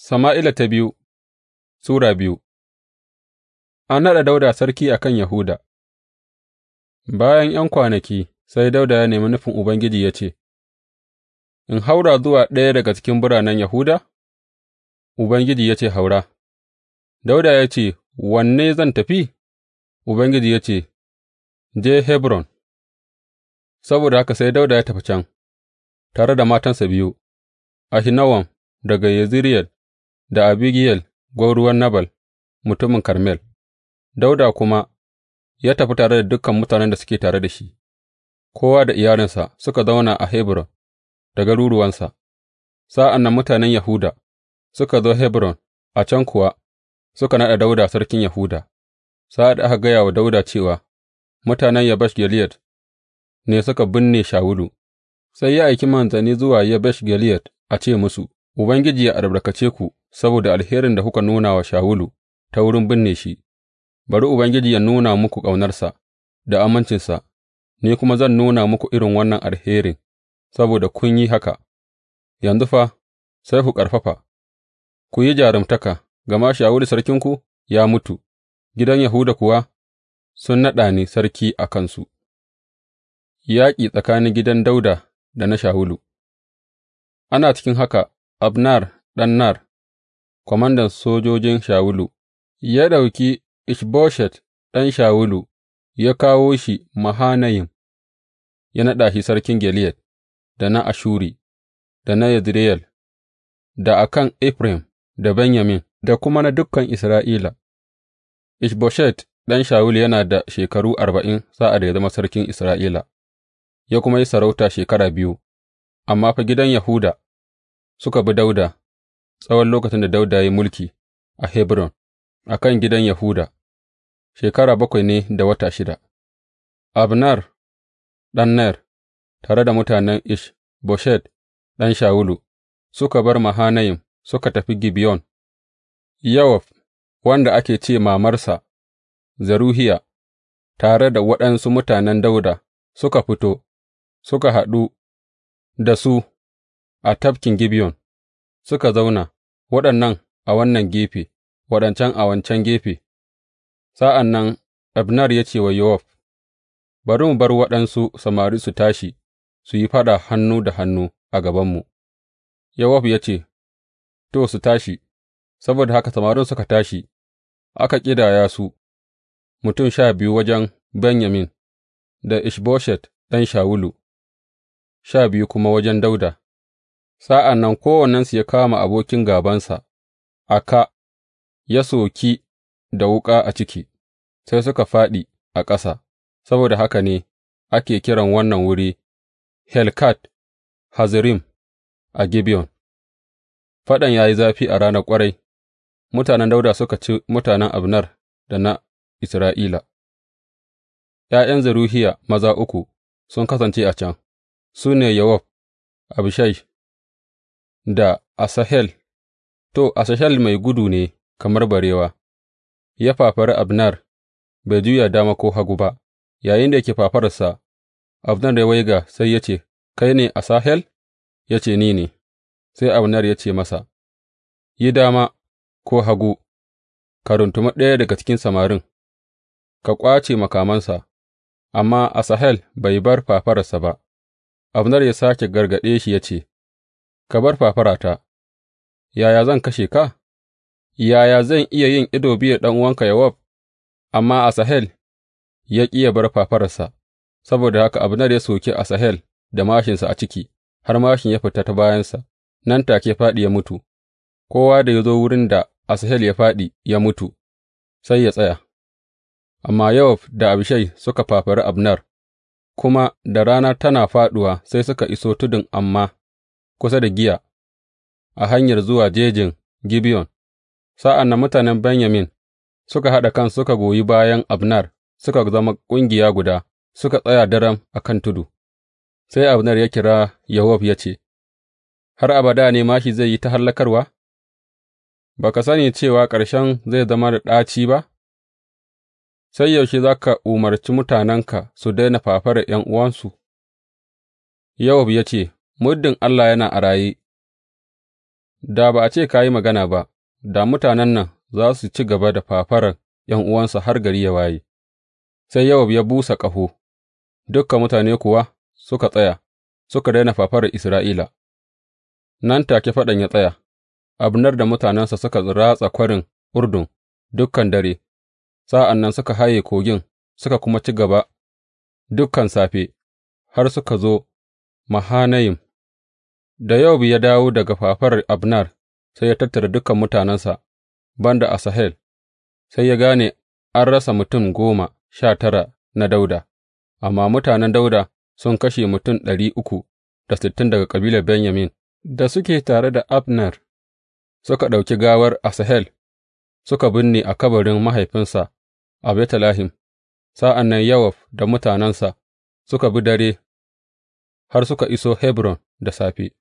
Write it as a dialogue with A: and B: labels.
A: Sama'ila ta biyu Sura biyu An naɗa Dauda sarki a kan Yahuda Bayan ’yan kwanaki, sai Dauda ya nemi nufin Ubangiji ya ce, In haura zuwa ɗaya daga cikin biranen Yahuda? Ubangiji ya ce, Haura. Dauda ya ce, Wanne zan tafi? Ubangiji ya ce, Je Hebron. Saboda haka sai Dauda ya tafi can, tare da matansa biyu, Ahinawan, daga Yezireyel da Abigiyel gwauruwar Nabal mutumin Karmel, Dauda kuma ya tafi tare da dukan mutanen da suke tare da shi, kowa da iyalinsa suka zauna a Hebron da garuruwansa, sa'an nan mutanen Yahuda suka zo Hebron, a can kuwa suka naɗa Dawuda sarkin Yahuda, sa'ad da aka gaya wa Dauda cewa mutanen Yabesh gilead ne suka binne Shawulu, sai ya aiki manzanni zuwa Yabesh gilead a ce musu, Ubangiji ya albarkace ku saboda alherin da kuka nuna wa Shawulu ta wurin binne shi, bari Ubangiji ya nuna muku ƙaunarsa da amincinsa, ni kuma zan nuna muku irin wannan alherin saboda kun yi haka, yanzu fa sai ku ƙarfafa, ku yi jarumtaka, gama Shawulu sarkinku ya mutu, gidan Yahuda kuwa sun naɗa ni sarki a kansu. Yaƙi tsakanin gidan Dauda da na Shawulu Ana cikin haka, abnar ɗan Nar kwamandan sojojin Shawulu, ya ɗauki Ishboshet ɗan Shawulu ya kawo shi Mahanayim, ya naɗa shi sarkin Gileyad, da na Ashuri, da na Yezireyel, da a kan Efraim da Benyamin, da kuma na dukan Isra'ila. Ishboshet ɗan Shawulu yana da shekaru arba'in sa'ad da ya zama sarkin Isra'ila, ya kuma yi sarauta shekara biyu, amma fa gidan Yahuda suka bi Dauda. tsawon lokacin da Dawuda ya yi mulki a Hebron a kan gidan Yahuda, shekara bakwai ne da wata shida. Abner ɗan Ner tare da mutanen Ish Boshet ɗan Shawulu suka bar Mahanayim suka tafi Gibeon. Yawaf, wanda ake ce mamarsa Zeruhiya tare da waɗansu mutanen Dawuda suka fito suka haɗu da su a tafkin Gibeon. suka zauna, waɗannan a wannan gefe, waɗancan a wancan gefe, sa'an nan Abner ya ce wa Yowab, Bari mu bar waɗansu samari su tashi su yi faɗa hannu da hannu a gabanmu. Yowab ya ce, To, su tashi, saboda haka samarin suka tashi, aka ƙidaya su, mutum sha biyu wajen Benyamin, da Ishboshet ɗan Shawulu, sha biyu kuma wajen Dauda. Sa'an nan kowannensu ya kama abokin gābansa a ka ya soki da wuƙa a ciki, sai suka fāɗi a ƙasa, saboda haka ne ake kiran wannan wuri Helkat Hazzurim a Gibeyon. Faɗan ya yi zafi a ranar ƙwarai, mutanen Dauda suka ci mutanen Abner da na Isra'ila. ’Ya'yan Zeruhiya maza uku sun kasance a can, su ne Yowab, Abishai da Asahel, to, Asahel mai gudu ne kamar barewa, ya fafari Abner, bai juya dama ko hagu ba, Yayin da yake fafararsa, Abner ya waiga sai ya ce, Kai ne Asahel? Ya ce, Ni ne, sai Abner ya ce masa, Yi dama ko hagu, ka runtuma ɗaya daga cikin samarin, ka ƙwace makamansa, amma Asahel bai bar fafararsa ba, Abner ya sake gargaɗe shi ya ce, Ka bar fafarata, yaya zan kashe ka? Yaya zan iya yin ido biyar da ɗan'uwanka Yawab? Amma Asahel ya ƙi bar fafararsa, saboda haka Abner ya soki Asahel da mashinsa a ciki, har mashin ya fita ta bayansa, nan take faɗi ya mutu, kowa da ya zo wurin da Asahel ya faɗi, ya mutu, sai ya tsaya. Amma Yawab da Abishai suka fafari Abner, kuma da rana tana faɗuwa sai suka iso tudun Amma. kusa da giya a hanyar zuwa jejin Gibeon, sa'an nan mutanen Benyamin suka haɗa kan suka goyi bayan Abner suka zama ƙungiya guda suka tsaya daram a kan tudu, sai Abner ya kira yahob ya ce, Har abada ne Mashi zai yi ta hallakarwa? Ba ka sani cewa ƙarshen zai zama da ɗaci ba? Sai yaushe za ka umarci mutanenka su daina fafarar ’yan'uwansu? Yawab ya ce, muddin Allah yana a raye, da ba a ce ka yi magana ba, da mutanen nan za su ci gaba da 'yan uwansa har gari ya waye. Sai Yowab ya busa ƙaho, dukkan mutane kuwa suka tsaya, suka daina fafarar Isra'ila. Nan take faɗan ya tsaya, Abner da mutanensa suka ratsa kwarin Urdun dukkan dare, sa'an nan suka haye kogin suka kuma ci gaba dukkan safe har suka zo Mahanayim. Da Yowab ya dawo daga fafarar Abner, sai ya tattara dukan mutanensa, ban da Asahel, sai ya gane an rasa mutum goma sha tara na Dauda, amma mutanen Dauda sun kashe mutum ɗari uku da sittin daga kabilar Benyamin da suke tare da Abner, suka ɗauki gawar Asahel suka binne a kabarin mahaifinsa a Betlehem, sa'an nan Yowab da mutanensa suka bi dare har suka iso Hebron da safe.